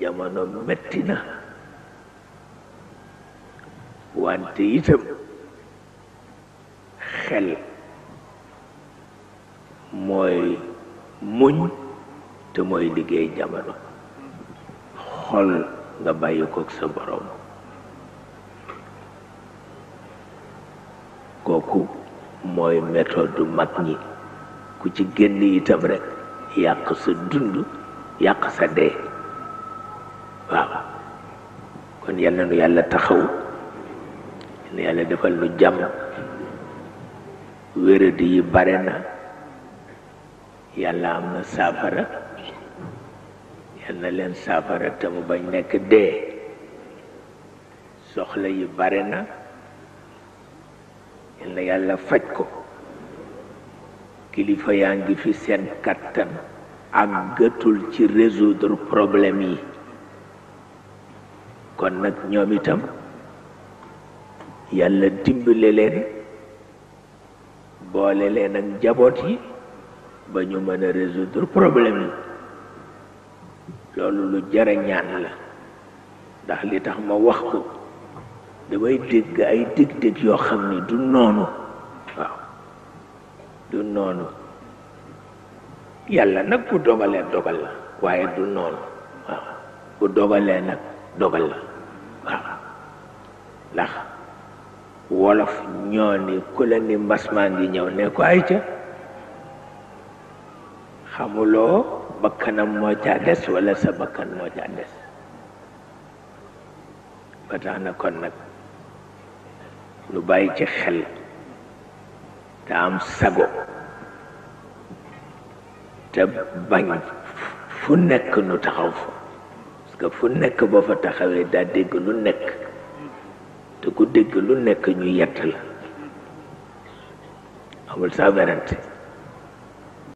jamono metti na wante itam xel mooy muñ te mooy liggéey jamono xol nga bàyyi kook sa borom kooku mooy méthode mag ñi ku ci génn itam rekk yàq sa dund yàq sa dee waaw kon yal na nu yàlla taxaw yal na yàlla defal nu jàmm wéradi yi bare na yàlla am na saafara yal na leen saafara te mu bañ nekk dee soxla yi bare na yal na yàlla faj ko kilifa yaa ngi fi seen kattan ak gëtul ci résoudre problème yi kon nag ñoom itam yàlla dimbale leen boole leen ak njaboot yi ba ñu mën a résoudre problème yi loolu lu jara la ndax li tax ma wax ko damay dégg ay dég-dég yoo xam ne du noonu waaw du noonu yàlla nag bu dogalee dogal la waaye du noonu waaw bu dogalee nag dogal la waaw ndax wolof ñoo ni ku la ni mbas maa ngi ñëw ne ko ay ca xamuloo bakkanam moo caa des wala sa bakkan moo caa des ba tax na kon nag lu bàyyi ci xel te am sago te bañ fu nekk nu taxaw fa parce fu nekk boo fa taxawee daa dégg lu nekk te ku dégg lu nekk ñu yett la amul saa